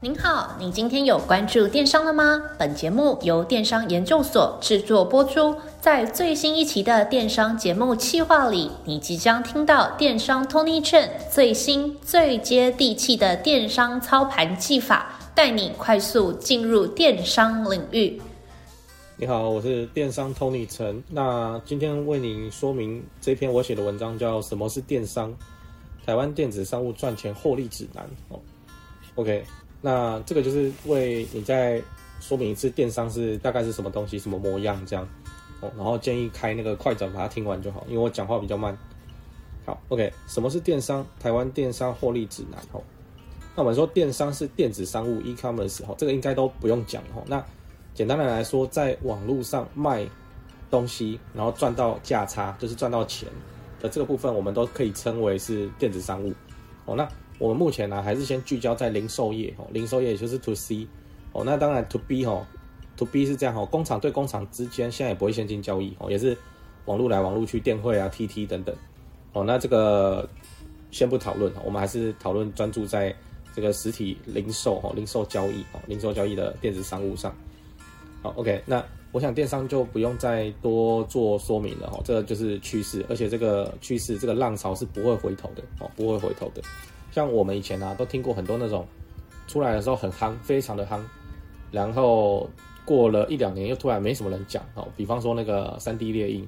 您好，你今天有關注電商了嗎？本節目由電商研究所製作播出。在最新一期的電商節目企劃裡，你即將聽到電商 Tony 陳最新最接地氣的電商操盤技法，帶你快速進入電商領域。你好，我是電商 Tony 陳。那今天為您說明這篇我寫的文章叫《什麼是電商》。台灣電子商務賺錢獲利指南哦，OK，那這個就是為你再說明一次電商是大概是什麼東西、什麼模樣這樣哦，然後建議開那個快轉把它聽完就好，因為我講話比較慢。好，OK，什麼是電商？台灣電商獲利指南哦。那我們說電商是電子商務 （e-commerce） 哦，這個應該都不用講哦。那簡單的來說，在網絡上賣東西，然後賺到價差，就是賺到錢。這個部分我們都可以稱為是電子商務，哦，那我們目前呢、啊、還是先聚焦在零售業哦，零售業也就是 to C，哦，那當然 to B 哦，to B 是這樣哦，工廠對工廠之間現在也不會現金交易哦，也是網絡來網絡去電匯啊、TT 等等，哦，那這個先不討論，我們還是討論專注在這個實體零售哦，零售交易哦，零售交易的電子商務上，好、哦、OK 那。我想電商就不用再多做說明了哈，這個、就是趨勢，而且這個趨勢這個浪潮是不會回頭的哦，不會回頭的。像我們以前啊，都聽過很多那種，出來的時候很夯，非常的夯，然後過了一兩年又突然沒什麼人講哦。比方說那個 3D 列印，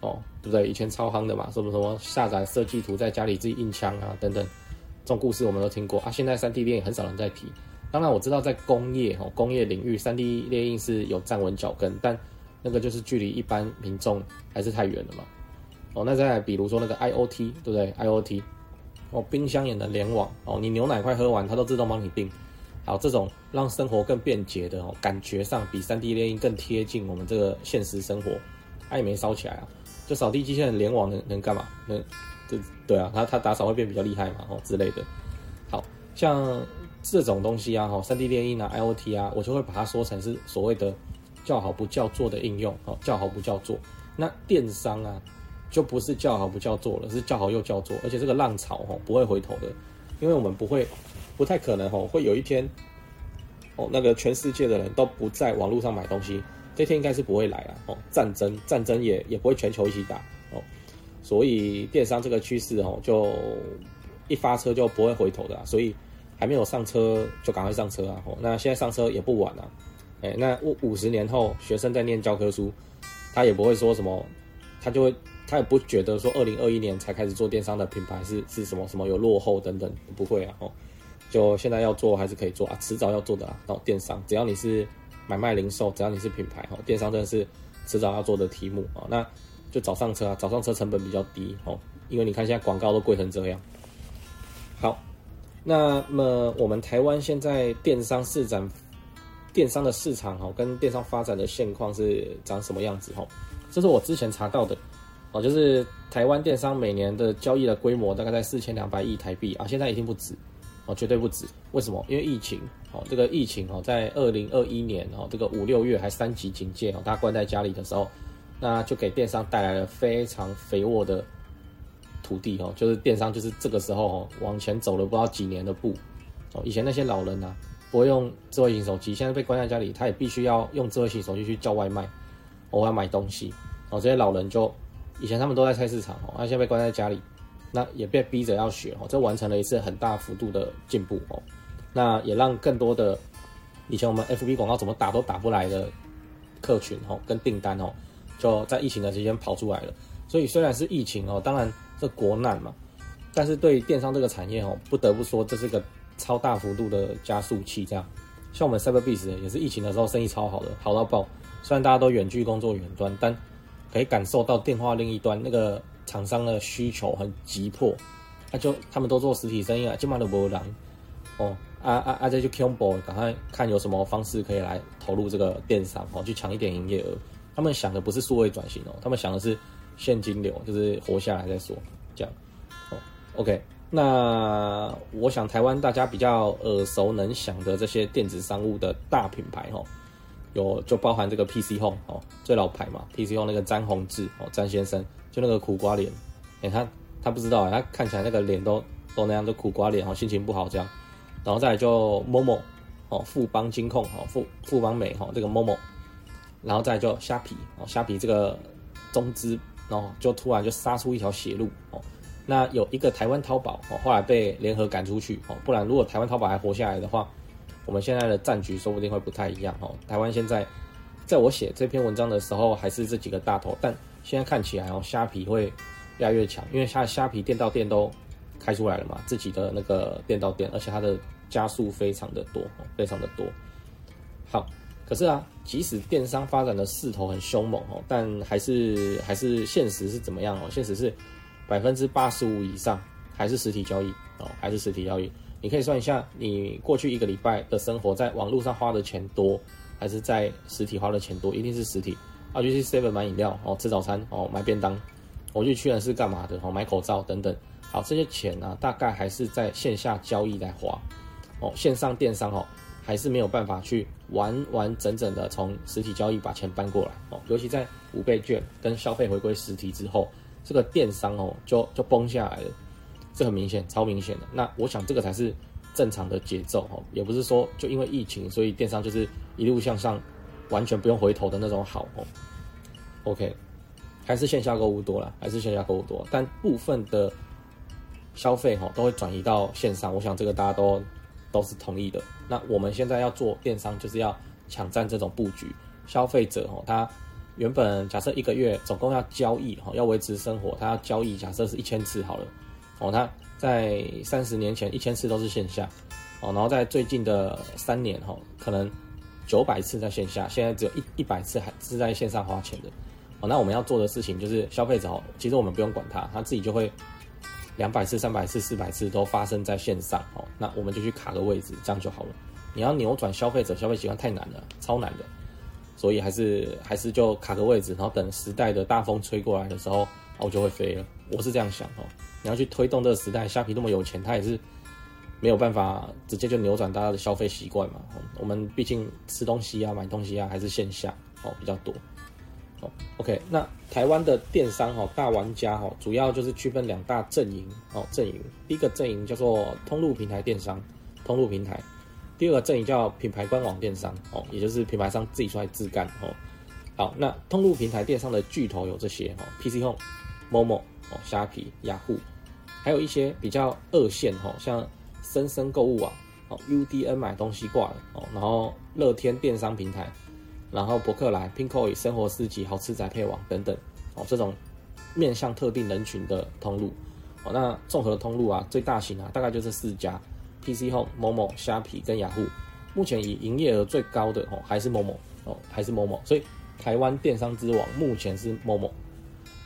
哦，對不對？以前超夯的嘛，什麼什麼下載設計圖在家裡自己印槍啊等等，這種故事我們都聽過啊。現在 3D 列印很少人在提。當然我知道在工業哦，工業領域三 D 列印是有站穩腳跟，但那個就是距離一般民眾還是太遠了嘛。哦，那再來比如說那個 IOT，對不對？IOT 哦，冰箱也能聯網哦，你牛奶快喝完，它都自動幫你訂好，這種讓生活更便捷的哦，感覺上比三 D 列印更貼近我們這個現實生活。它也沒燒起來啊，就掃地機器人聯網能能幹嘛？能這對啊，它它打掃會變比較厲害嘛？哦之類的，好像。這種東西啊，哦，3D 電影啊，IoT 啊，我就會把它說成是所謂的叫好不叫座的應用，哦，叫好不叫座。那電商啊，就不是叫好不叫座了，是叫好又叫座，而且這個浪潮哦，不會回頭的，因為我們不會，不太可能哦會有一天，哦那個全世界的人都不在網絡上買東西，這天應該是不會來了哦。戰爭，戰爭也也不會全球一起打哦，所以電商這個趨勢哦就一發車就不會回頭的啦，所以。還沒有上車就趕快上車啊！哦，那現在上車也不晚啊。哎、欸，那五五十年後學生在念教科書，他也不會說什麼，他就會他也不覺得說二零二一年才開始做電商的品牌是是什麼什麼有落後等等，不會啊！哦，就現在要做還是可以做啊，遲早要做的啊。哦，電商只要你是買賣零售，只要你是品牌，哈、哦，電商真的是遲早要做的題目啊、哦。那就早上車啊，早上車成本比較低哦，因為你看現在廣告都貴成這樣。好。那麼我們台灣現在電商市場，電商的市場哦，跟電商發展的現況是長什麼樣子吼、哦？這是我之前查到的，哦，就是台灣電商每年的交易的規模大概在四千兩百億台幣啊，現在已經不止，哦，絕對不止。為什麼？因為疫情哦，這個疫情哦，在二零二一年哦，這個五六月還三級警戒哦，大家關在家裡的時候，那就給電商帶來了非常肥沃的。土地哦，就是電商，就是這個時候哦，往前走了不知道幾年的步哦。以前那些老人呢、啊，不會用智慧型手機，現在被關在家裡，他也必須要用智慧型手機去叫外賣，哦，我要買東西，哦，這些老人就以前他們都在菜市場哦，他現在被關在家裡，那也被逼着要學哦，這完成了一次很大幅度的進步哦。那也讓更多的以前我們 FB 廣告怎麼打都打不來的客群哦，跟訂單哦，就在疫情的期間跑出來了。所以雖然是疫情哦，當然。這國難嘛，但是對電商這個產業哦，不得不說這是個超大幅度的加速器。這樣，像我們 Cyberbiz 也是疫情的時候生意超好的，好到爆。雖然大家都遠距工作，遠端，但可以感受到電話另一端那個廠商的需求很急迫。那、啊、就他們都做實體生意啊，基本上都沒人哦。啊啊啊！這就 combo 趕快看有什麼方式可以來投入這個電商哦，去搶一點營業額。他們想的不是數位轉型哦，他們想的是。現金流就是活下來再說，這樣，哦，OK，那我想台灣大家比較耳熟能詳的這些電子商務的大品牌哈，有就包含這個 PC Home 哦，最老牌嘛，PC Home 那個詹宏志哦，詹先生就那個苦瓜臉，你、欸、看他，他不知道、欸，他看起來那個臉都都那樣，就苦瓜臉哦，心情不好這樣，然後再來就 Momo 哦，富邦金控哈，富富邦美哈，這個 Momo，然後再來就蝦皮哦，蝦皮這個中資。然後、哦、就突然就殺出一條血路哦，那有一個台灣淘寶哦，後來被聯合趕出去哦，不然如果台灣淘寶還活下來的話，我們現在的戰局說不定會不太一樣哦。台灣現在在我寫這篇文章的時候，還是這幾個大頭，但現在看起來哦，蝦皮會越來越強，因為現在蝦皮店到店都開出來了嘛，自己的那個店到店，而且它的加速非常的多，哦、非常的多。好。可是啊，即使電商發展的勢頭很兇猛哦，但還是還是現實是怎麼樣哦？現實是百分之八十五以上還是實體交易哦，還是實體交易、哦體。你可以算一下，你過去一個禮拜的生活在網絡上花的錢多，還是在實體花的錢多？一定是實體。我去七 -Eleven 買飲料哦，吃早餐哦，買便當；我去了是幹嘛的哦？買口罩等等。好，這些錢啊，大概還是在線下交易來花哦，線上電商哦。還是沒有辦法去完完整整的從實體交易把錢搬過來哦，尤其在五倍券跟消費回歸實體之後，這個電商哦就就崩下來了，這很明顯，超明顯的。那我想這個才是正常的節奏哦，也不是說就因為疫情所以電商就是一路向上，完全不用回頭的那種好哦。OK，還是線下購物多了，還是線下購物多，但部分的消費哦都會轉移到線上，我想這個大家都都是同意的。那我們現在要做電商，就是要搶占這種布局。消費者哦，他原本假設一個月總共要交易哈，要維持生活，他要交易，假設是一千次好了。哦，他在三十年前一千次都是線下，哦，然後在最近的三年哈，可能九百次在線下，現在只有一一百次還是在線上花錢的。哦，那我們要做的事情就是消費者哦，其實我們不用管他，他自己就會。兩百次、三百次、四百次都發生在線上哦，那我們就去卡個位置，這樣就好了。你要扭轉消費者消費習慣太難了，超難的。所以還是還是就卡個位置，然後等時代的大風吹過來的時候啊，我就會飛了。我是這樣想哦。你要去推動這個時代，蝦皮那麼有錢，它也是沒有辦法直接就扭轉大家的消費習慣嘛。我們畢竟吃東西啊、買東西啊，還是線下哦比較多。哦，OK，那台灣的電商哈，大玩家哈，主要就是區分兩大陣營哦，陣營第一個陣營叫做通路平台電商，通路平台，第二個陣營叫品牌官網電商哦，也就是品牌商自己出來自幹哦。好，那通路平台電商的巨頭有這些哦，PC Home、Momo、哦蝦皮、Yahoo，還有一些比較二線哈，像森森購物網哦，UDN 買東西掛了哦，然後樂天電商平台。然後博客來、Pinkoi、生活市集、好吃宅配網等等，哦，這種面向特定人群的通路，哦，那綜合通路啊，最大型啊，大概就是四家 PC Home、MOMO、蝦皮跟雅虎。目前以營業額最高的哦，還是 MOMO 哦，還是 MOMO，所以台灣電商之王目前是 MOMO。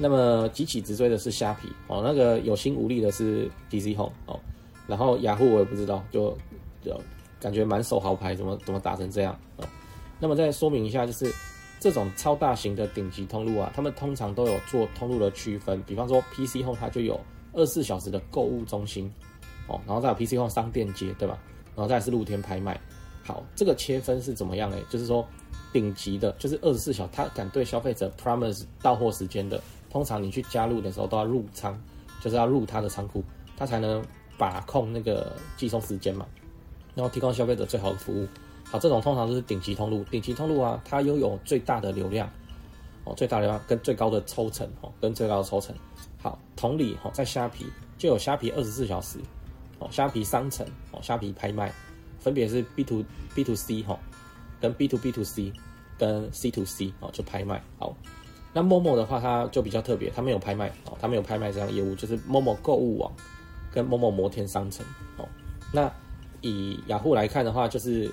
那麼急起直追的是蝦皮，哦，那個有心無力的是 PC Home 哦，然後雅虎、ah、我也不知道，就就感覺滿手好牌，怎麼怎麼打成這樣哦。那麼再說明一下，就是這種超大型的頂級通路啊，他們通常都有做通路的區分，比方說 PC Home 它就有二十四小時的購物中心，哦，然後再有 PC Home 商店街，對吧？然後再是露天拍賣。好，這個切分是怎麼樣呢？就是說頂級的，就是二十四小時，它敢對消費者 promise 到貨時間的，通常你去加入的時候都要入倉，就是要入它的倉庫，它才能把控那個寄送時間嘛，然後提供消費者最好的服務。好，這種通常就是頂級通路，頂級通路啊，它擁有最大的流量哦，最大的流量跟最高的抽成哦，跟最高的抽成。好，同理哦，在蝦皮就有蝦皮二十四小時哦，蝦皮商城哦，蝦皮拍賣，分別是 B to B to C 哈，跟 B to B to C 跟 C to C 哦，就拍賣。好，那 Momo 的話，它就比較特別，它沒有拍賣哦，它沒有拍賣這樣的業務，就是 Momo 購物網跟 Momo 摩天商城哦。那以雅虎、ah、來看的話，就是。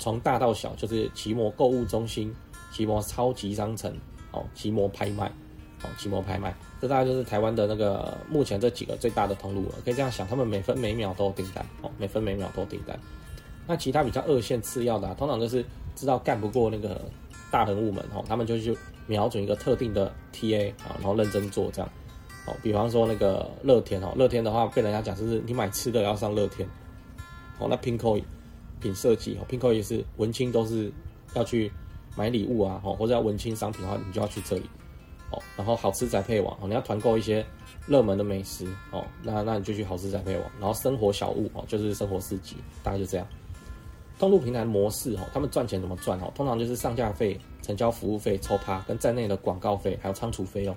從大到小就是奇摩購物中心、奇摩超級商城，哦，奇摩拍賣，哦，奇摩拍賣，這大概就是台灣的那個目前這幾個最大的通路了。可以這樣想，他們每分每秒都有訂單，哦，每分每秒都有訂單。那其他比較二線次要的啊，通常就是知道幹不過那個大人物們，哦，他們就去瞄準一個特定的 TA 啊，哦，然後認真做這樣，哦，比方說那個樂天，哦，樂天的話被人家講就是你買吃的要上樂天，哦，那 Pinkoi 品設計哦，PINKO 也是文青都是要去買禮物啊，哦，或者要文青商品的話，你就要去這裡，哦，然後好吃宅配網哦，你要團購一些熱門的美食哦，那那你就去好吃宅配網，然後生活小物哦，就是生活市集，大概就這樣。通路平台模式哦，他們賺錢怎麼賺哦？通常就是上架費、成交服務費、抽趴跟在內的廣告費，還有倉儲費用。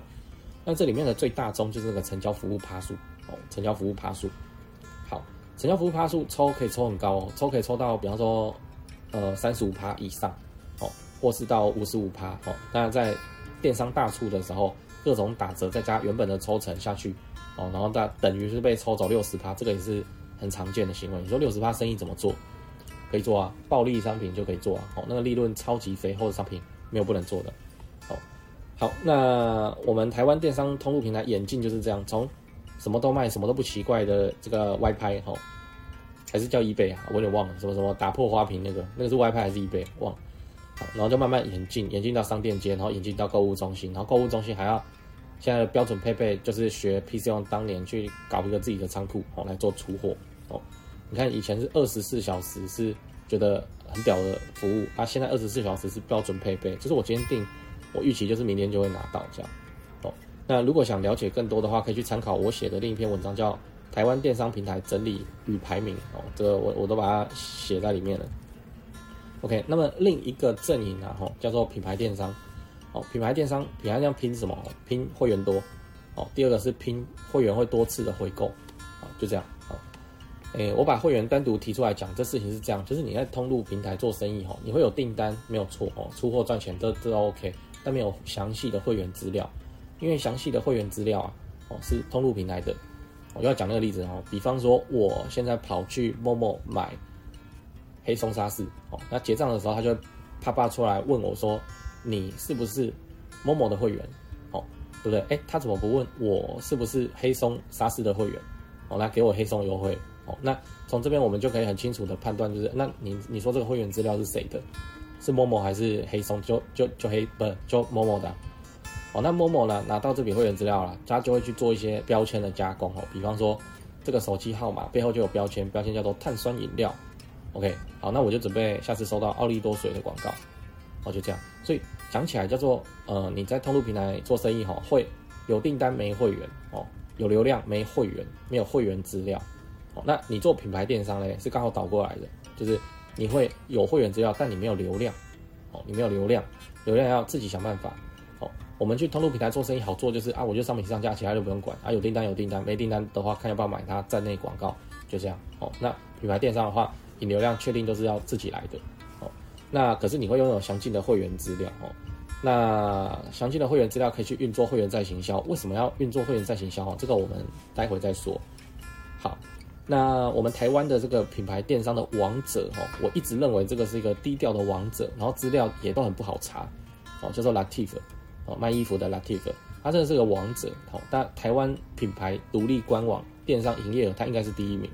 那這裡面的最大宗就是那個成交服務趴數哦，成交服務趴數。數成交服務趴數抽可以抽很高，哦，抽可以抽到，比方說，呃，三十五趴以上，哦，或是到五十五趴，哦，那在電商大促的時候，各種打折再加原本的抽成下去，哦，然後大等於是被抽走六十趴，這個也是很常見的行為。你說六十趴生意怎麼做？可以做啊，暴利商品就可以做啊，哦，那個利潤超級肥厚的商品沒有不能做的，哦，好，那我們台灣電商通路平台演進就是這樣，從什麼都賣，什麼都不奇怪的這個 Y 拍，好，還是叫 eBay 啊？我有點忘了，什麼什麼打破花瓶那個，那個是 Y 拍還是 eBay？忘了。好，然後就慢慢演進，演進到商店街，然後演進到購物中心，然後購物中心還要現在的標準配備，就是學 PChome 當年去搞一個自己的倉庫，哦，來做出貨。哦，你看以前是二十四小時是覺得很屌的服務，它、啊、現在二十四小時是標準配備。就是我今天訂，我預期就是明天就會拿到這樣。那如果想了解更多的話，可以去參考我寫的另一篇文章，叫《台灣電商平台整理與排名》哦，這個我我都把它寫在裡面了。OK，那麼另一個陣營啊，吼、哦，叫做品牌電商，哦，品牌電商品牌電商拼什麼、哦？拼會員多，哦，第二個是拼會員會多次的回購，啊、哦，就這樣，哦，誒、欸，我把會員單獨提出來講，這事情是這樣，就是你在通路平台做生意，吼、哦，你會有訂單，沒有錯，哦，出貨賺錢這這都 OK，但沒有詳細的會員資料。因為詳細的會員資料啊，哦、喔，是通路平台的，我、喔、要講那個例子哦、喔。比方說，我現在跑去 Momo 買黑松沙士，哦、喔，那結賬的時候他就啪啪出來問我說，你是不是 Momo 的會員，哦、喔，對不對？哎、欸，他怎麼不問我是不是黑松沙士的會員，哦、喔，來給我黑松優惠，哦、喔，那從這邊我們就可以很清楚的判斷，就是那你你說這個會員資料是誰的？是 Momo 還是黑松？就就就黑不就 Momo 的、啊？哦，那 Momo 呢，拿到這筆會員資料了，他就會去做一些標籤的加工哦，比方說這個手機號碼背後就有標籤，標籤叫做碳酸飲料。OK，好，那我就準備下次收到奧利多水的廣告，哦，就這樣。所以講起來叫做，呃，你在通路平台做生意哈、哦，會有訂單沒會員哦，有流量沒會員，沒有會員資料。哦，那你做品牌電商嘞是剛好倒過來的，就是你會有會員資料，但你沒有流量，哦，你沒有流量，流量要自己想辦法。我們去通路平台做生意好做，就是啊，我就商品上架，其他就不用管啊。有訂單有訂單，沒訂單的話看要不要買它站內廣告，就這樣哦。那品牌電商的話，引流量確定都是要自己來的哦。那可是你會擁有詳盡的會員資料哦。那詳盡的會員資料可以去運作會員再行銷。為什麼要運作會員再行銷？哦，這個我們待會再說。好，那我們台灣的這個品牌電商的王者哦，我一直認為這個是一個低調的王者，然後資料也都很不好查哦，叫做 lativ。哦，賣衣服的 lativ，他真的是個王者。哦。但台灣品牌獨立官網電商營業額，他應該是第一名。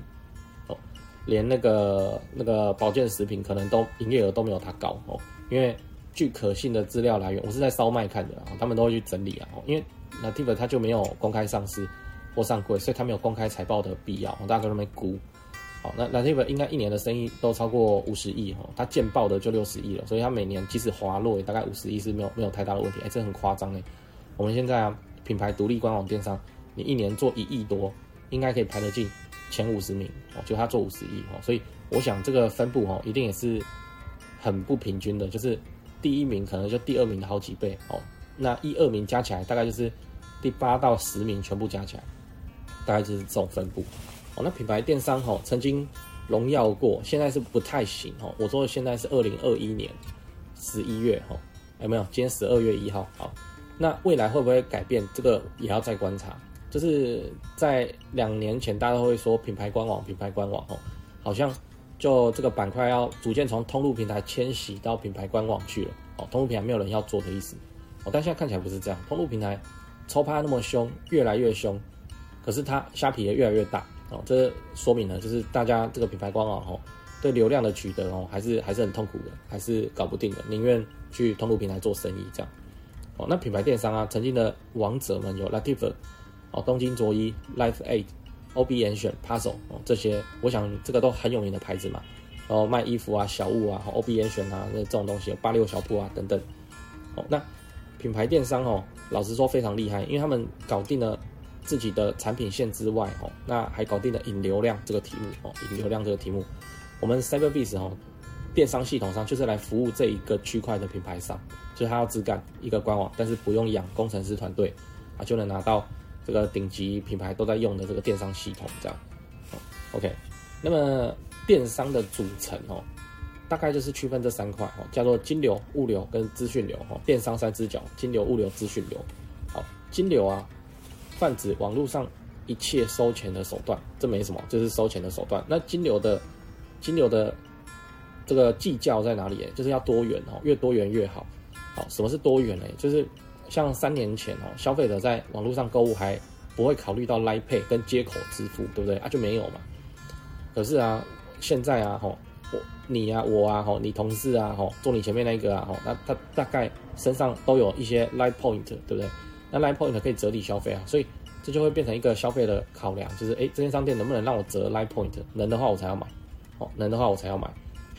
哦，連那個那個保健食品可能都營業額都沒有他高。哦，因為據可信的資料來源，我是在燒賣看的，他們都會去整理啊。因為 lativ 他就沒有公開上市或上櫃，所以他沒有公開財報的必要。我大概都沒估。好，那 lativ 應該一年的生意都超過五十億哈，它見報的就六十億了，所以它每年即使滑落也大概五十億是沒有沒有太大的問題。哎、欸，這很誇張嘞。我們現在啊，品牌獨立官網電商，你一年做一億多，應該可以排得進前五十名哦。就它做五十億哦，所以我想這個分布哦，一定也是很不平均的，就是第一名可能就第二名的好幾倍哦。那一、二名加起來大概就是第八到十名全部加起來，大概就是這種分布。哦，那品牌電商哈、哦，曾經榮耀過，現在是不太行哈、哦。我說的現在是二零二一年十一月哈、哦，哎，沒有，今天十二月一號。好，那未來會不會改變？這個也要再觀察。就是在兩年前，大家都會說品牌官網，品牌官網哦，好像就這個板塊要逐漸從通路平台遷徙到品牌官網去了。哦，通路平台沒有人要做的意思。哦，但現在看起來不是這樣。通路平台抽趴那麼兇，越來越兇，可是它蝦皮也越來越大。哦，這說明呢，就是大家這個品牌官網哦，哦，對流量的取得哦，還是還是很痛苦的，還是搞不定的，寧願去通路平台做生意這樣。哦，那品牌電商啊，曾經的王者們有 Lativ，哦，東京著衣、Life Eight、OB 嚴選、Pazzo 哦，這些，我想這個都很有名的牌子嘛，然、哦、後賣衣服啊、小物啊、哦、OB 嚴選啊，那這種東西，有八六小鋪啊等等。哦，那品牌電商哦，老實說非常厲害，因為他們搞定了。自己的產品線之外，那還搞定了引流量這個題目，哦，引流量這個題目，嗯、我們 CYBERBIZ 哦，電商系統上就是來服務這一個區塊的品牌商，就是他要只幹一個官網，但是不用養工程師團隊，啊，就能拿到這個頂級品牌都在用的這個電商系統，這樣，OK，那麼電商的組成，哦，大概就是區分這三塊，哦，叫做金流、物流跟資訊流，哦，電商三隻腳，金流、物流、資訊流，好，金流啊，泛指網絡上一切收錢的手段，這沒什麼，這、就是收錢的手段。那金流的金流的這個計較在哪裡、欸？就是要多元哦，越多元越好。好，什麼是多元呢、欸？就是像三年前哦，消費者在網絡上購物還不會考慮到 Line Pay 跟街口支付，對不對啊？就沒有嘛。可是啊，現在啊，吼我你啊，我啊，吼你同事啊，吼坐你前面那個啊，吼那他大概身上都有一些 Line Point，對不對？那 Light Point 可以折抵消費啊，所以這就會變成一個消費的考量，就是哎，這間商店能不能讓我折 Light Point，能的話我才要買，哦，能的話我才要買。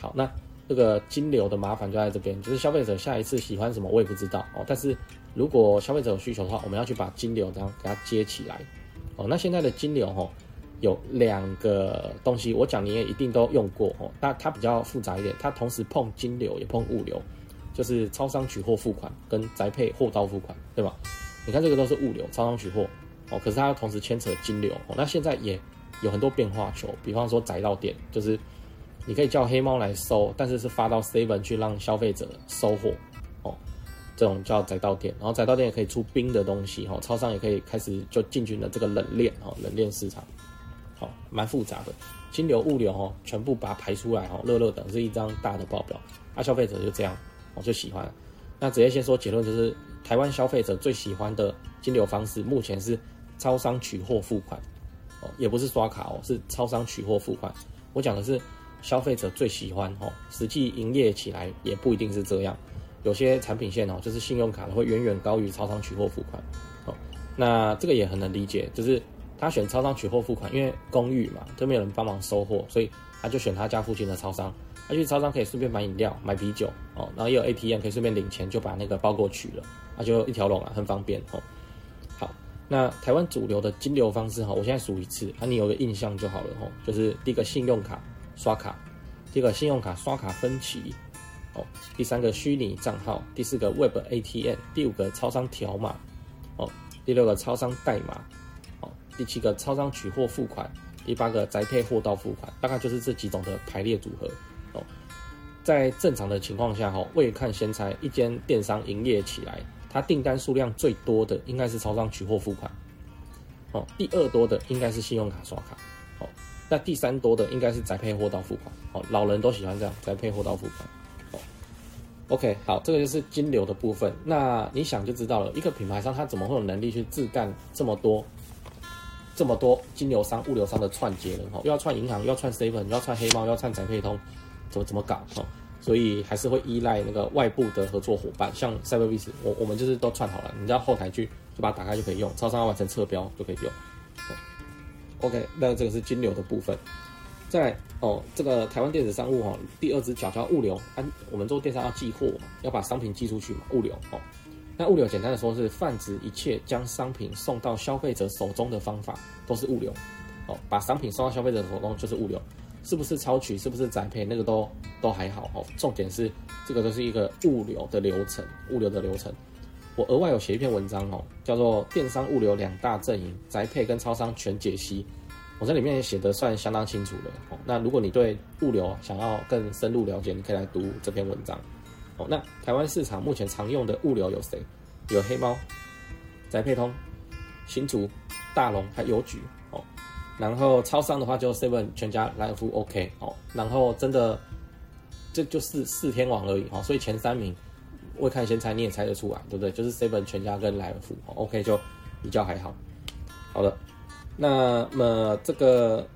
好，那這個金流的麻煩就在這邊，就是消費者下一次喜歡什麼我也不知道哦，但是如果消費者有需求的話，我們要去把金流這樣給它接起來，哦，那現在的金流哈、哦，有兩個東西我講你也一定都用過哦，那它，它比較複雜一點，它同時碰金流也碰物流，就是超商取貨付款跟宅配貨到付款，對吧？你看這個都是物流，超商取貨，哦，可是它同時牽扯金流，哦，那現在也有很多變化球，比方說宅到店，就是你可以叫黑貓來收，但是是發到 seven 去讓消費者收貨，哦，這種叫宅到店，然後宅到店也可以出冰的東西，哦，超商也可以開始就進軍了這個冷鏈，哦，冷鏈市場，好，哦，蠻複雜的，金流物流哦，全部把它排出來，哦，樂樂等是一張大的報表，那，啊，消費者就這樣，我，哦，就喜歡，那直接先說結論就是。台灣消費者最喜歡的金流方式，目前是超商取貨付款，哦，也不是刷卡哦，是超商取貨付款。我講的是消費者最喜歡哦，實際營業起來也不一定是這樣，有些產品線哦，就是信用卡會遠遠高於超商取貨付款。哦，那這個也很能理解，就是他選超商取貨付款，因為公寓嘛，都沒有人幫忙收貨，所以他就選他家附近的超商。他去超商可以順便買飲料、買啤酒，哦，然後也有 ATM 可以順便領錢，就把那個包裹取了。那、啊、就一條龍啊，很方便哦。好，那台灣主流的金流方式哈、哦，我現在數一次，啊，你有個印象就好了吼、哦。就是第一個信用卡刷卡，第二個信用卡刷卡分期，哦，第三個虛擬賬號，第四個 Web ATM，第五個超商條碼，哦，第六個超商代碼，哦，第七個超商取貨付款，第八個宅配貨到付款，大概就是這幾種的排列組合哦。在正常的情況下哈、哦，未看先猜，一間電商營業起來。它訂單數量最多的應該是超商取貨付款，哦，第二多的應該是信用卡刷卡，哦，那第三多的應該是宅配貨到付款，哦，老人都喜歡這樣宅配貨到付款，哦，OK，好，這個就是金流的部分，那你想就知道了一個品牌商他怎麼會有能力去自幹這麼多，這麼多金流商、物流商的串接了，哈、哦，又要串銀行，又要串 Seven，又要串黑貓，又要串宅配通，怎麼怎麼搞，哈、哦。所以還是會依賴那個外部的合作夥伴，像 CyberBiz，我、我們就是都串好了，你知道後台去就把它打開就可以用，超商要完成測標，就可以用。哦、OK，那個這個是金流的部分，再，哦這個台灣電子商務哦，第二隻腳叫物流，安、啊、我們做電商要寄貨，要把商品寄出去嘛，物流哦。那物流簡單的說是，是泛指一切將商品送到消費者手中的方法，都是物流。哦，把商品送到消費者手中就是物流。是不是超取，是不是宅配，那個都都還好哦。重點是這個都是一個物流的流程，物流的流程。我額外有寫一篇文章哦，叫做《電商物流兩大陣營：宅配跟超商全解析》，我在裡面寫得算相當清楚了哦。那如果你對物流想要更深入了解，你可以來讀這篇文章哦。那台灣市場目前常用的物流有誰？有黑貓、宅配通、新竹、大龍還有郵局。然後超商的話就 seven 全家萊爾富 OK 然後真的這就是四,四天王而已哈，所以前三名未看先猜你也猜得出來，對不對？就是 seven 全家跟萊爾富 OK 就比較還好。好的。那麼這個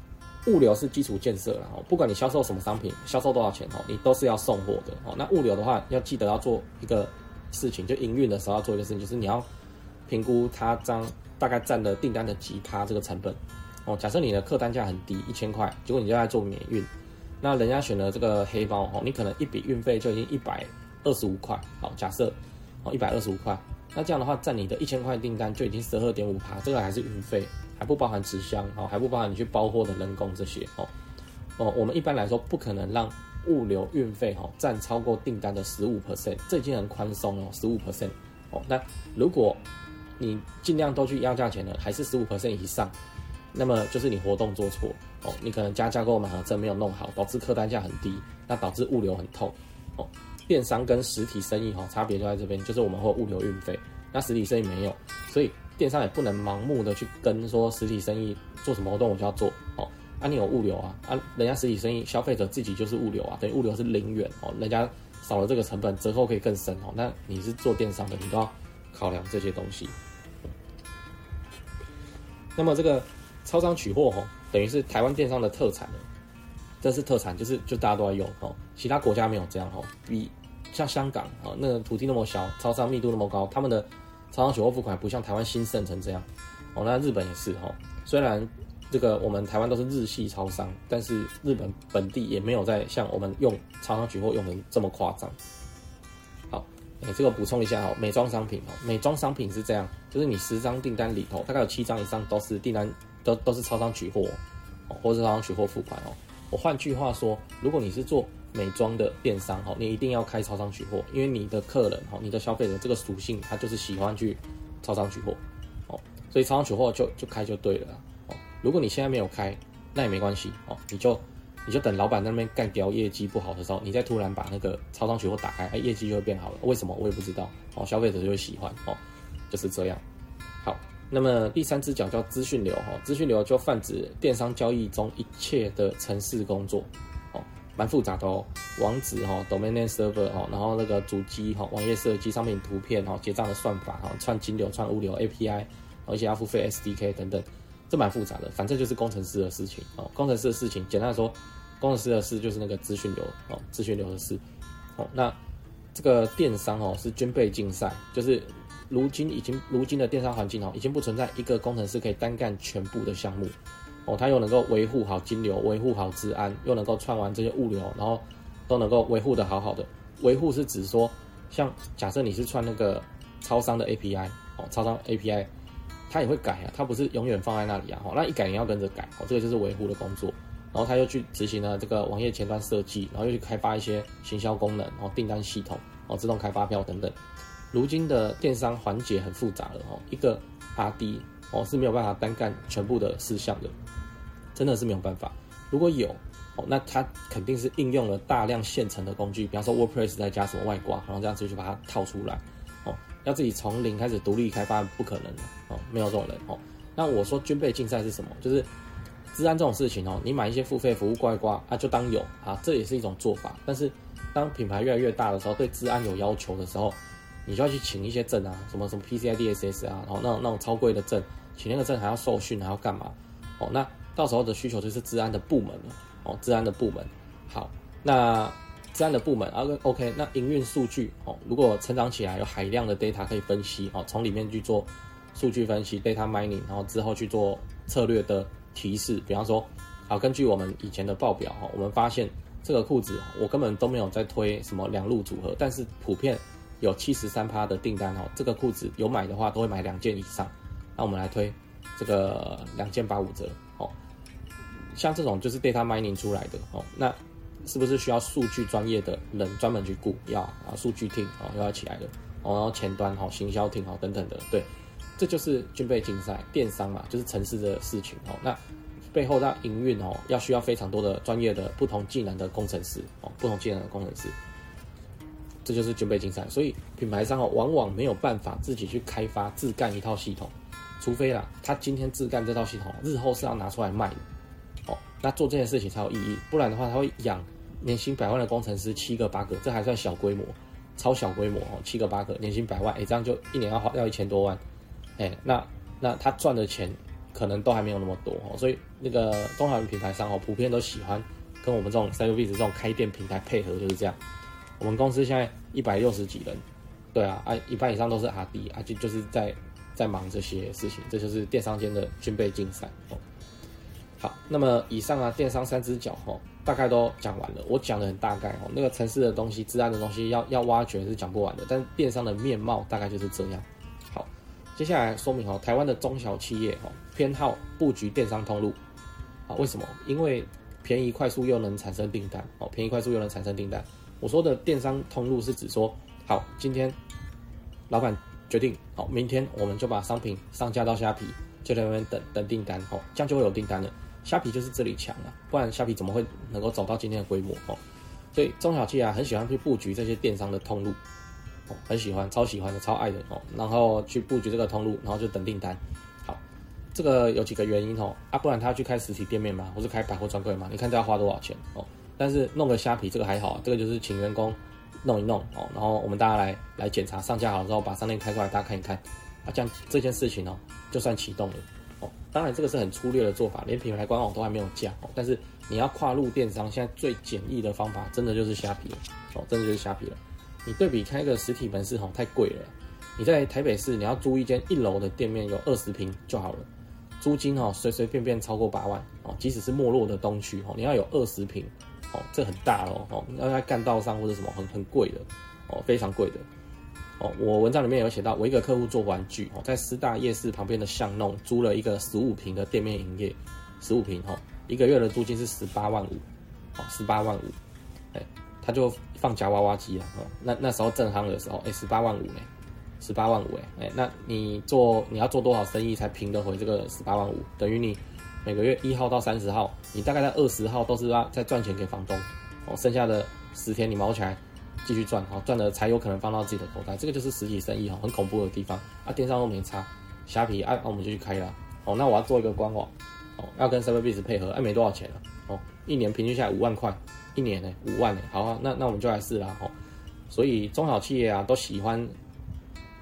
物流是基礎建設，然後不管你銷售什麼商品，銷售多少錢你都是要送貨的哦。那物流的話要記得要做一個事情，就營運的時候要做一個事情，就是你要評估它占大概占的訂單的幾趴這個成本。哦，假設你的客單價很低，一千塊，結果你就在做免運，那人家選了這個黑包哦，你可能一筆運費就已經一百二十五塊。好，假設，哦一百二十五塊，那這樣的話佔你的一千塊訂單就已經十二點五趴，這個還是運費，還不包含紙箱，哦，還不包含你去包貨的人工這些哦。哦，我們一般來說不可能讓物流運費哈佔超過訂單的十五 percent，這已經很寬鬆了，十五 percent。哦，那如果你儘量都去壓價錢了，還是十五 percent 以上。那麼就是你活動做錯哦，你可能加價購滿額贈沒有弄好，導致客單價很低，那導致物流很痛哦。電商跟實體生意哈、哦、差別就在這邊，就是我們會有物流運費，那實體生意沒有，所以電商也不能盲目的去跟說實體生意做什麼活動我就要做哦。啊，你有物流啊，啊，人家實體生意消費者自己就是物流啊，等於物流是零元哦，人家少了這個成本，折扣可以更深哦。那你是做電商的，你都要考量這些東西。那麼這個。超商取貨吼，等於是台灣電商的特產，這是特產，就是就大家都在用哦，其他國家沒有這樣吼。比像香港啊，那個土地那麼小，超商密度那麼高，他們的超商取貨付款不像台灣興盛成這樣。哦，那日本也是吼。雖然這個我們台灣都是日系超商，但是日本本地也沒有在像我們用超商取貨用的這麼誇張。好，哎、欸，這個補充一下哦，美妝商品哦，美妝商品是這樣，就是你十張訂單裡頭，大概有七張以上都是訂單。都都是超商取貨，哦，或是超商取貨付款哦。我換句話說，如果你是做美妝的電商，哈、哦，你一定要開超商取貨，因為你的客人，哈、哦，你的消費者這個屬性，他就是喜歡去超商取貨，哦，所以超商取貨就就開就對了，哦。如果你現在沒有開，那也沒關係，哦，你就你就等老板在那邊幹掉業績不好的時候，你再突然把那個超商取貨打開，哎、欸，業績就會變好了。為什麼我也不知道，哦，消費者就會喜歡，哦，就是這樣。那麼第三隻腳叫資訊流哈、哦，資訊流就泛指電商交易中一切的程式工作，哦，蠻複雜的哦，網址哈、哦、，domain name server 哈、哦，然後那個主機哈、哦，網頁設計、商品圖片哈、哦，結賬的算法哈、哦，串金流、串物流 API，而、哦、且要付費 SDK 等等，這蠻複雜的，反正就是工程師的事情哦，工程師的事情，簡單來說，工程師的事就是那個資訊流哦，資訊流的事哦，那這個電商哦是軍備競賽，就是。如今已經，如今的電商環境哦，已經不存在一個工程師可以單幹全部的項目，哦，他又能夠維護好金流，維護好資安，又能夠串完這些物流，然後都能夠維護的好好的。維護是指說，像假設你是串那個超商的 API，哦，超商 API，他也會改啊，他不是永遠放在那裡啊，哈、哦，那一改也要跟着改，哦，這個就是維護的工作。然後他又去執行了這個網頁前端設計，然後又去開發一些行銷功能，然後、哦、訂單系統，哦，自動開發票等等。如今的電商環節很複雜了哦，一個阿 D 哦是沒有辦法單幹全部的事項的，真的是沒有辦法。如果有哦，那他肯定是應用了大量現成的工具，比方說 WordPress 再加什麼外掛，然後這樣子就把它套出來哦。要自己從零開始獨立開發不可能的哦，沒有這種人哦。那我說軍備競賽是什麼？就是資安這種事情哦，你買一些付費服務掛一掛啊，就當有啊，這也是一種做法。但是當品牌越來越大的時候，對資安有要求的時候，你就要去請一些證啊，什麼什麼 P C I D S S 啊，然後那種那種超貴的證，請那個證還要受訓，還要幹嘛？哦，那到時候的需求就是資安的部門了，哦，資安的部門。好，那資安的部門啊，OK，那營運數據哦，如果成長起來有海量的 data 可以分析，哦，從裡面去做數據分析，data mining，然後之後去做策略的提示，比方說，啊，根據我們以前的報表哈，我們發現這個褲子我根本都沒有在推什麼兩路組合，但是普遍。有七十三趴的訂單哦，這個褲子有買的話都會買兩件以上，那我們來推這個兩件八五折哦。像這種就是 data mining 出來的哦，那是不是需要數據專業的人專門去顧要啊？數據 team 哦，又要起來的哦，然後前端哈、行銷 team 哈等等的，對，這就是軍備競賽電商嘛，就是城市的事情哦。那背後要營運哦，要需要非常多的專業的不同技能的工程師哦，不同技能的工程師。這就是軍備競賽，所以品牌商哦，往往沒有辦法自己去開發自幹一套系統，除非啦，他今天自幹這套系統，日後是要拿出來賣的，哦，那做這件事情才有意義，不然的話，他會養年薪百萬的工程師七個八個，這還算小規模，超小規模哦，七個八個，年薪百萬，哎，這樣就一年要花要一千多萬，誒那那他賺的錢可能都還沒有那麼多哦，所以那個中小品牌商哦，普遍都喜歡跟我們這種 CYBERBIZ 這種開店平台配合，就是這樣。我們公司現在一百六十幾人，對啊，啊，一半以上都是阿弟啊，就就是在在忙這些事情，這就是電商間的軍備競賽哦。好，那麼以上啊，電商三隻腳吼、哦，大概都講完了。我講得很大概哦，那個城市的東西、資安的東西要要挖掘是講不完的，但電商的面貌大概就是這樣。好、哦，接下來說明哦，台灣的中小企業哦，偏好布局電商通路啊、哦，為什麼？因為便宜、快速又能產生訂單哦，便宜、快速又能產生訂單。哦我說的電商通路是指說，好，今天老板決定，好、哦，明天我們就把商品上架到蝦皮，就在那邊等等訂單，哦，這樣就會有訂單了。蝦皮就是這裡強了、啊，不然蝦皮怎麼會能夠走到今天的規模？哦，所以中小企業啊，很喜歡去布局這些電商的通路，哦，很喜歡，超喜歡的，超愛的哦。然後去布局這個通路，然後就等訂單。好、哦，這個有幾個原因哦，啊，不然他要去開實體店面嘛，或是開百貨專櫃嘛，你看這要花多少錢？哦。但是弄個蝦皮這個還好、啊，這個就是請員工弄一弄哦。然後我們大家來來檢查上架好之後，把商店開過來，大家看一看啊這樣。像這件事情、啊、就算啟動了哦。當然這個是很粗略的做法，連品牌官網都還沒有架哦。但是你要跨入電商，現在最簡易的方法真的就是蝦皮了哦，真的就是蝦皮了。你對比開個實體門市太貴了。你在台北市，你要租一間一樓的店面，有二十平就好了，租金哦隨隨便便超過八萬哦。即使是沒落的東區，你要有二十平。哦，這很大哦，哦，要在幹道上或者什麼很很貴的，哦，非常貴的，哦，我文章裡面有寫到，我一個客戶做玩具，哦，在師大夜市旁邊的巷弄租了一個十五坪的店面營業，十五坪，哦，一個月的租金是十八萬五，哦，十八萬五，哎，他就放夾娃娃機了，哦，那那時候正夯的時候，哎，十八萬五呢，十八萬五，哎，那你做你要做多少生意才平得回這個十八萬五？等於你每個月一號到三十號。你大概在二十號都是在在賺錢給房東哦，剩下的十天你卯起來繼續賺哦，賺的才有可能放到自己的口袋。這個就是實體生意哦，很恐怖的地方啊！電商都沒差，蝦皮啊，那我們就去開啦哦、啊。那我要做一個官網哦，要跟 Cyberbiz 配合，哎、啊，沒多少錢了、啊、哦、啊，一年平均下來五萬塊，一年呢、欸、五萬呢、欸，好啊，那那我們就來試啦哦、啊。所以中小企業啊都喜歡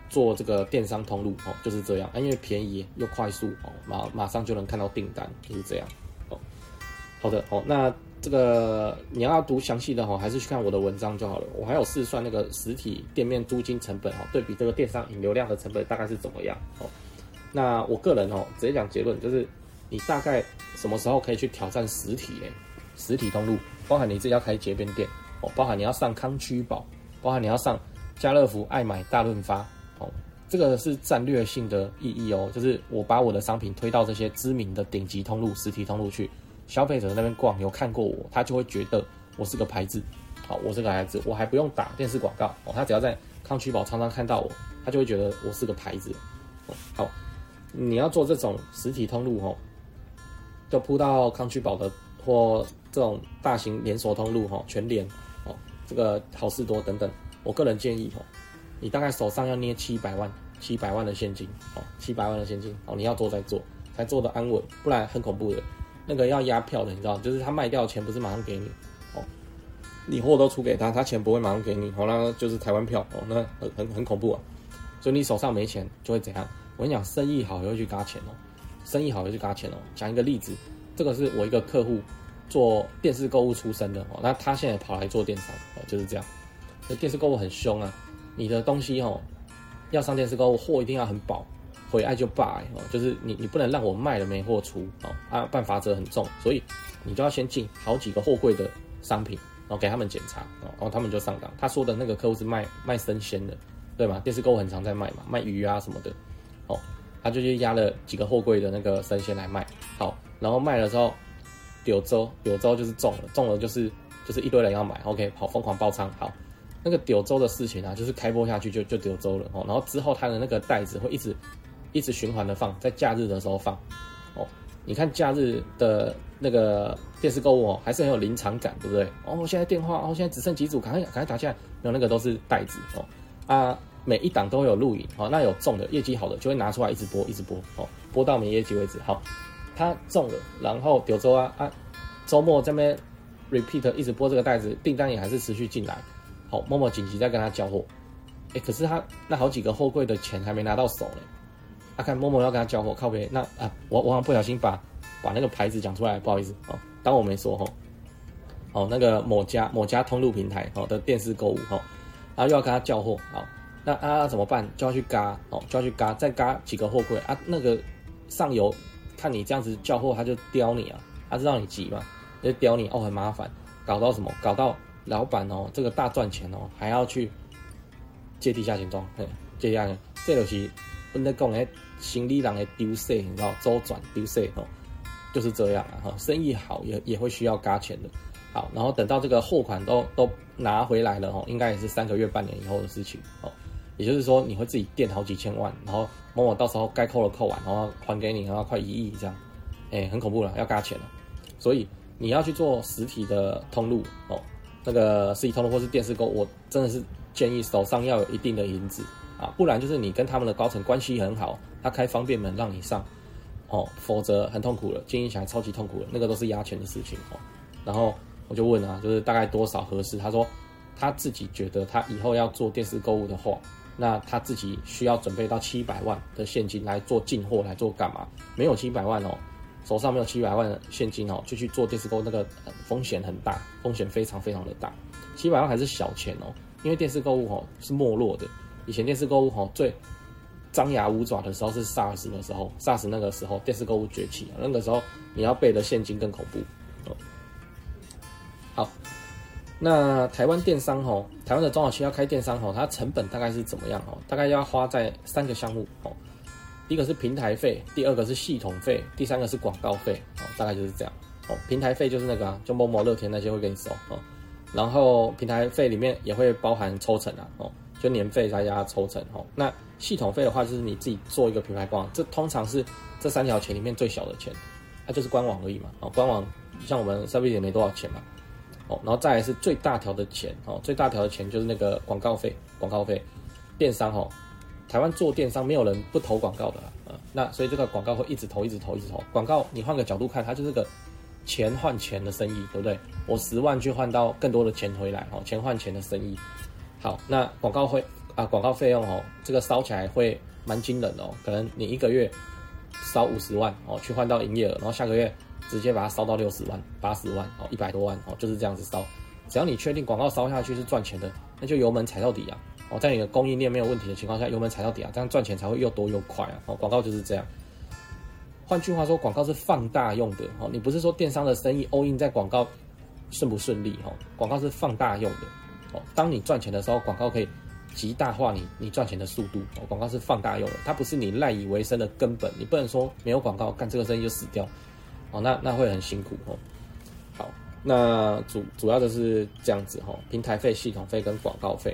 做這個電商通路哦、啊，就是這樣，啊、因為便宜又快速哦，馬、啊、馬上就能看到訂單，就是這樣。好的，好，那這個你要要讀詳細的哈，還是去看我的文章就好了。我還有試算那個實體店面租金成本哈，對比這個電商引流量的成本大概是怎麼樣？哦，那我個人哦，直接講結論就是，你大概什麼時候可以去挑戰實體實體通路，包含你自己要開街邊店哦，包含你要上康屈寶，包含你要上家樂福、愛買、大潤發哦，這個是戰略性的意義哦，就是我把我的商品推到這些知名的頂級通路、實體通路去。消費者在那邊逛，有看過我，他就會覺得我是個牌子，好，我是個牌子，我還不用打電視廣告哦。他只要在康屈寶常常看到我，他就會覺得我是個牌子。哦、好，你要做這種實體通路哦，就鋪到康屈寶的或這種大型連鎖通路哈、哦，全聯哦，這個好市多等等。我個人建議哦，你大概手上要捏七百萬、七百萬的現金哦，七百萬的現金哦，你要做再做才做得安穩，不然很恐怖的。那個要押票的，你知道，就是他賣掉的錢不是馬上給你，哦，你貨都出給他，他錢不會馬上給你，哦，那就是台灣票，哦，那很很很恐怖啊，所以你手上沒錢就會怎樣？我跟你講，生意好也會去軋錢哦，生意好也會去軋錢哦。講一個例子，這個是我一個客戶做電視購物出身的，哦，那他現在跑來做電商，哦，就是這樣。那電視購物很凶啊，你的東西哦，要上電視購物，貨一定要很保。買就 b、欸、哦，就是你你不能讓我賣了沒貨出哦，啊辦法則很重，所以你就要先進好幾個貨櫃的商品，然、哦、後給他們檢查然後、哦、他們就上檔。他說的那個客戶是賣賣生鮮的，對嗎？電視購物很常在賣嘛，賣魚啊什麼的，哦，他就去壓了幾個貨櫃的那個生鮮來賣，好、哦，然後賣了之後，柳州柳州就是中了，中了就是就是一堆人要買、哦、，OK，好，瘋狂爆倉，好，那個柳州的事情啊，就是開播下去就就柳州了哦，然後之後他的那個袋子會一直。一直循環的放，在假日的時候放，哦，你看假日的那個電視購物哦，還是很有臨場感，對不對？哦，現在電話哦，現在只剩幾組，趕快趕快打下來，沒有那個都是帶子哦，啊，每一檔都會有錄影哦，那有中的業績好的就會拿出來一直播一直播哦，播到沒業績為止，好、哦，他中了，然後柳州啊啊，週末這邊 repeat 一直播這個帶子，訂單也還是持續進來，好、哦，默默緊急在跟他交貨，誒，可是他那好幾個貨櫃的錢還沒拿到手嘞。啊看，看 momo 要跟他叫貨。靠邊那啊，我我好像不小心把把那個牌子講出來，不好意思哦，當我沒說哦。哦，那個某家某家通路平台哦的電視購物然後、哦啊，又要跟他叫貨，好、哦，那啊怎麼辦？就要去嘎哦，就要去嘎，再嘎幾個貨櫃啊，那個上游看你這樣子叫貨，他就刁你啊，他知道你急嘛，就刁你哦，很麻煩，搞到什麼？搞到老闆哦，這個大賺錢哦，還要去借地下錢莊，借地下錢莊，這就是我跟你講誒。行李啷的丟稅，你知道週轉丟稅哦，就是這樣啊、哦、生意好也也會需要軋錢的。好，然後等到這個貨款都都拿回來了哦，應該也是三個月半年以後的事情哦。也就是說，你會自己墊好幾千萬，然後某某到時候該扣的扣完，然後還給你，然後快一億這樣，哎、欸，很恐怖了，要軋錢了。所以你要去做實體的通路哦，那個實體通路或是電視購，我真的是建議手上要有一定的銀子。啊，不然就是你跟他們的高層關係很好，他開方便門讓你上，哦，否則很痛苦了，經營起來超級痛苦了，那個都是壓錢的事情哦。然後我就問啊，就是大概多少合適？他說他自己覺得他以後要做電視購物的話，那他自己需要準備到七百萬的現金來做進貨來做幹嘛？沒有七百萬哦，手上沒有七百萬的現金哦，就去做電視購物那個風險很大，風險非常非常的大，七百萬還是小錢哦，因為電視購物哦是沒落的。以前電視購物吼最張牙舞爪的時候是 SARS 的時候，SARS 那個時候電視購物崛起，那個時候你要備的現金更恐怖哦。好，那台灣電商吼，台灣的中小企業要開電商吼，它成本大概是怎麼樣哦？大概要花在三個項目哦，第一個是平台費，第二個是系統費，第三個是廣告費哦，大概就是這樣哦。平台費就是那個、啊，就某某樂天那些會跟你收哦，然後平台費裡面也會包含抽成啊哦。跟年費大家抽成吼，那系統費的話就是你自己做一個品牌官網，這通常是這三條錢裡面最小的錢，它就是官網而已嘛，哦，官網像我們 Cyberbiz 也沒多少錢嘛，哦，然後再來是最大條的錢，哦，最大條的錢就是那個廣告費，廣告費，電商吼，台灣做電商沒有人不投廣告的，嗯，那所以這個廣告會一直投，一直投，一直投，廣告你換個角度看，它就是個錢換錢的生意，對不對？我十萬去換到更多的錢回來，哦，錢換錢的生意。好，那廣告費啊，廣告費用哦，這個燒起來會蠻驚人的哦。可能你一個月燒五十萬哦，去換到營業額，然後下個月直接把它燒到六十萬、八十萬哦，一百多萬哦，就是這樣子燒。只要你確定廣告燒下去是賺錢的，那就油門踩到底啊！哦，在你的供應鏈沒有問題的情況下，油門踩到底啊，這樣賺錢才會又多又快啊！哦，廣告就是這樣。換句話說，廣告是放大用的哦。你不是說電商的生意 all in 在廣告順不順利哦，廣告是放大用的。當你賺錢的時候，廣告可以極大化你你賺錢的速度。廣告是放大用的，它不是你賴以為生的根本。你不能說沒有廣告幹這個生意就死掉，哦，那那會很辛苦哦。好，那主主要的是這樣子哈，平台費、系統費跟廣告費。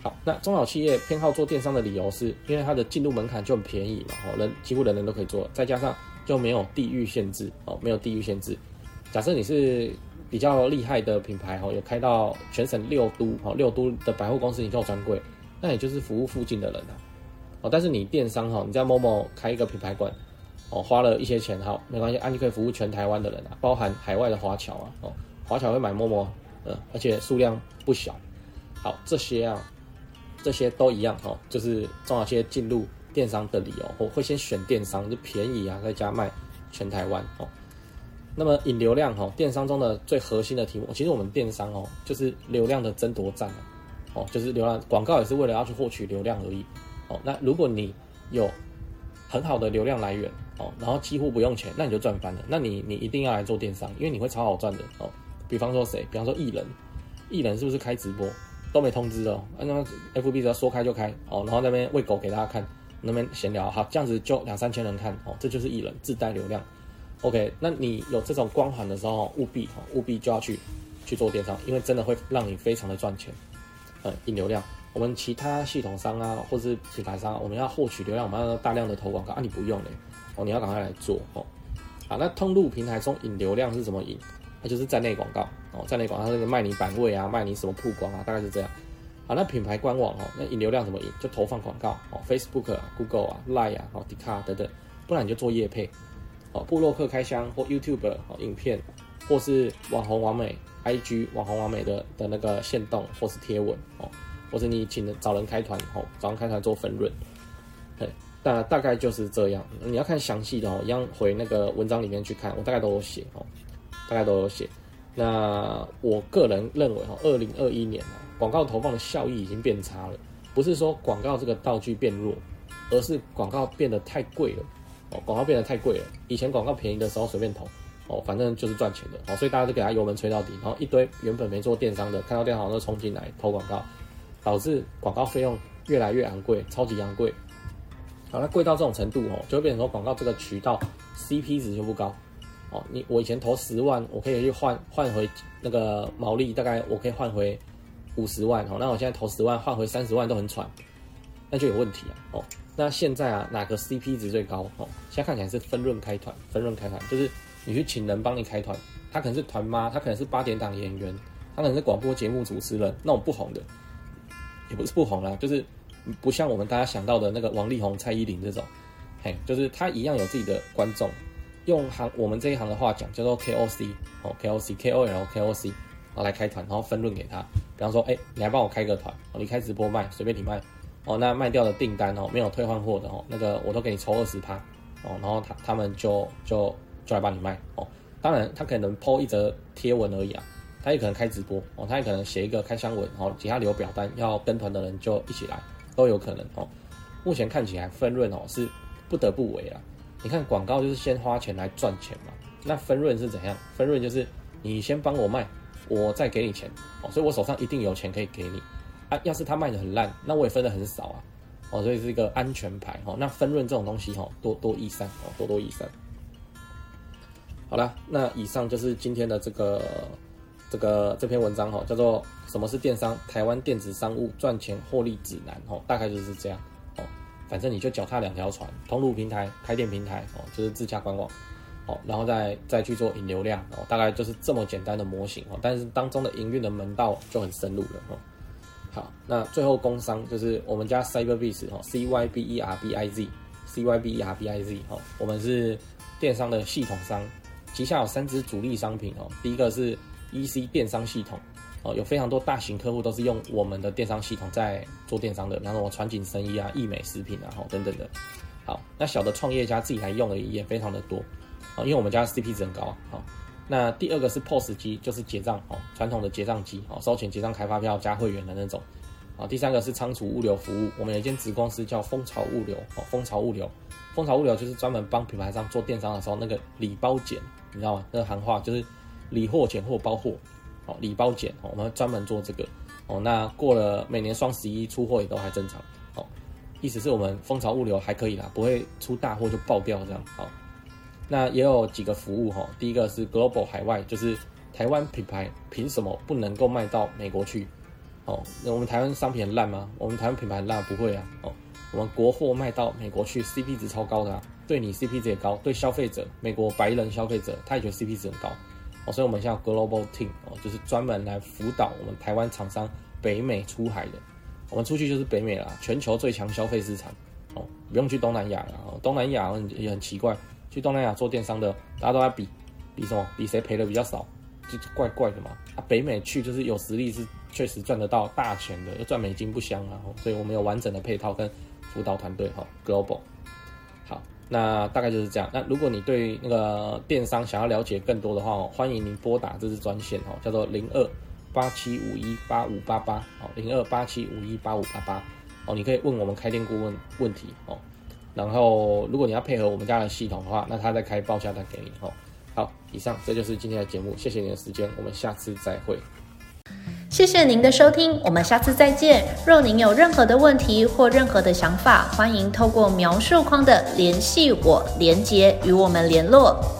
好，那中小企業偏好做電商的理由是因為它的進入門檻就很便宜嘛，人幾乎人人都可以做，再加上就沒有地域限制哦，沒有地域限制。假設你是。比較厲害的品牌哈、哦，有開到全省六都，哈、哦、六都的百貨公司零售專櫃，那也就是服務附近的人、啊、哦，但是你電商哈、哦，你在 momo 開一個品牌館，哦花了一些錢哈、哦，沒關係，啊你可以服務全台灣的人啊，包含海外的華僑啊，哦華僑會買 momo、嗯，嗯而且數量不小，好這些啊，這些都一樣哈、哦，就是重要些進入電商的理由，我會先選電商，就便宜啊，再加賣全台灣哦。那麼引流量哦，電商中的最核心的題目，其實我們電商哦，就是流量的爭奪戰、啊、哦，就是流量廣告也是為了要去獲取流量而已，哦，那如果你有很好的流量來源哦，然後幾乎不用錢，那你就賺翻了。那你你一定要來做電商，因為你會超好賺的哦。比方說誰，比方說藝人，藝人是不是開直播都沒通知哦？啊、那 FB 只要說開就開哦，然後那邊餵狗給大家看，那邊閒聊好，這樣子就兩三千人看哦，這就是藝人自帶流量。OK，那你有這種光環的時候，務必，務必就要去去做電商，因為真的會讓你非常的賺錢。呃、嗯，引流量，我們其他系統商啊，或者是品牌商，我們要獲取流量，我們要大量的投廣告啊，你不用嘞，哦、喔，你要趕快來做哦。好、喔啊，那通路平台中引流量是什麼引？啊就是喔，它就是站內廣告哦，站內廣告那個賣你版位啊，賣你什麼曝光啊，大概是這樣。好、啊，那品牌官網哦、喔，那引流量怎麼引？就投放廣告哦、喔、Facebook、啊、Google 啊、Line 啊、哦、喔、Dcard 等等，不然你就做業配。哦，部落客開箱，或 YouTuber 哦影片，或是網紅完美 IG 網紅完美的的那個限動，或是貼文哦，或是你請找人開團哦，找人開團、哦、做分潤，對，大大概就是這樣。你要看詳細的哦，一樣回那個文章裡面去看，我大概都有寫哦，大概都有寫。那我個人認為哦，二零二一年廣告投放的效益已經變差了，不是說廣告這個道具變弱，而是廣告變得太貴了。哦，廣告變得太貴了。以前廣告便宜的時候，隨便投，哦，反正就是賺錢的，哦，所以大家都給他油門吹到底，然後一堆原本沒做電商的，看到電商都衝進來投廣告，導致廣告費用越來越昂貴，超級昂貴。好，哦，那貴到這種程度，哦，就會變成說廣告這個渠道 CP 值就不高。哦，你我以前投十萬，我可以去換換回那個毛利，大概我可以換回五十萬，哦，那我現在投十萬換回三十萬都很喘。那就有問題啊！哦，那現在啊，哪個 CP 值最高？哦，現在看起來是分潤開團，分潤開團就是你去請人幫你開團，他可能是團媽，他可能是八點檔演員，他可能是廣播節目主持人，那種不紅的，也不是不紅啦，啊，就是不像我們大家想到的那個王力宏、蔡依林這種，嘿，就是他一樣有自己的觀眾。用行我們這一行的話講，叫做 KOC 哦，KOC，KOL，KOC，然後來開團，然後分潤給他。比方說，哎、欸，你來幫我開個團，你開直播賣，隨便你賣。哦，那賣掉的訂單哦，沒有退換貨的哦，那個我都給你抽二十趴哦，然後他他們就就就來幫你賣哦，當然他可能 PO 一則貼文而已啊，他也可能開直播哦，他也可能寫一個開箱文，然後其他留表單，要跟團的人就一起來，都有可能哦。哦，目前看起來分潤哦是不得不為啊，你看廣告就是先花錢來賺錢嘛，那分潤是怎樣？分潤就是你先幫我賣，我再給你錢哦，所以我手上一定有錢可以給你。啊，要是他賣得很爛，那我也分得很少啊，哦，所以是一個安全牌哈，哦。那分潤這種東西哈，多多益善哦，多多益善。好啦，那以上就是今天的這個這個這篇文章哈，哦，叫做《什麼是電商？台灣電子商務賺錢獲利指南》哦，大概就是這樣哦。反正你就腳踏兩條船，通路平台、開店平台哦，就是自家官網哦，然後再再去做引流量哦，大概就是這麼簡單的模型哦。但是當中的營運的門道就很深入了哦。好，那最後工商就是我們家 CyberBiz, C Y B E R B I Z 哈，C Y B E R B I Z，C Y B E R B I Z 哈、哦，我們是電商的系統商，旗下有三支主力商品哦，第一個是 E C 電商系統哦，有非常多大型客戶都是用我們的電商系統在做電商的，然後我傳景生意啊、義美食品啊、哈、哦、等等的，好，那小的創業家自己還用的也非常的多，啊、哦，因為我們家 C P 值很高啊，啊、哦那第二個是 POS 機，就是結賬哦，傳統的結賬機哦，收錢、結賬、開發票、加會員的那種啊，哦。第三個是倉儲物流服務，我們有一間子公司叫蜂巢物流哦，蜂巢物流，蜂巢物流就是專門幫品牌商做電商的時候那個理包揀，你知道嗎？那個行話就是理貨揀貨包貨哦，理包揀哦，我們專門做這個哦。那過了每年雙十一出貨也都還正常哦，意思是我們蜂巢物流還可以啦，不會出大貨就爆掉這樣哦。那也有幾個服務哈，第一個是 Global 海外，就是台灣品牌憑什麼不能夠賣到美國去？哦，那我們台灣商品很爛嗎？我們台灣品牌很爛？不會啊，哦，我們國貨賣到美國去，CP 值超高的，啊，對你 CP 值也高，對消費者美國白人消費者他也覺得 CP 值很高，哦，所以我們叫 Global Team 哦，就是專門來輔導我們台灣廠商北美出海的，我們出去就是北美啦，全球最強消費市場，哦，不用去東南亞了，東南亞也很奇怪。去東南亞做電商的，大家都在比，比什麼？比誰賠的比較少，就怪怪的嘛。啊，北美去就是有實力是確實賺得到大錢的，要賺美金不香啊。所以我們有完整的配套跟輔導團隊哈，哦，Global。好，那大概就是這樣。那如果你對那個電商想要了解更多的話哦，歡迎您撥打這支專線哦，叫做零二八七五一八五八八哦，零二八七五一八五八八哦，你可以問我們開店顧問問題哦。然後，如果你要配合我們家的系統的話，那他再開報價單給你哦。好，以上這就是今天的節目，謝謝你的時間，我們下次再會。謝謝您的收聽，我們下次再見。若您有任何的問題或任何的想法，歡迎透過描述框的聯繫我鏈接與我們聯絡。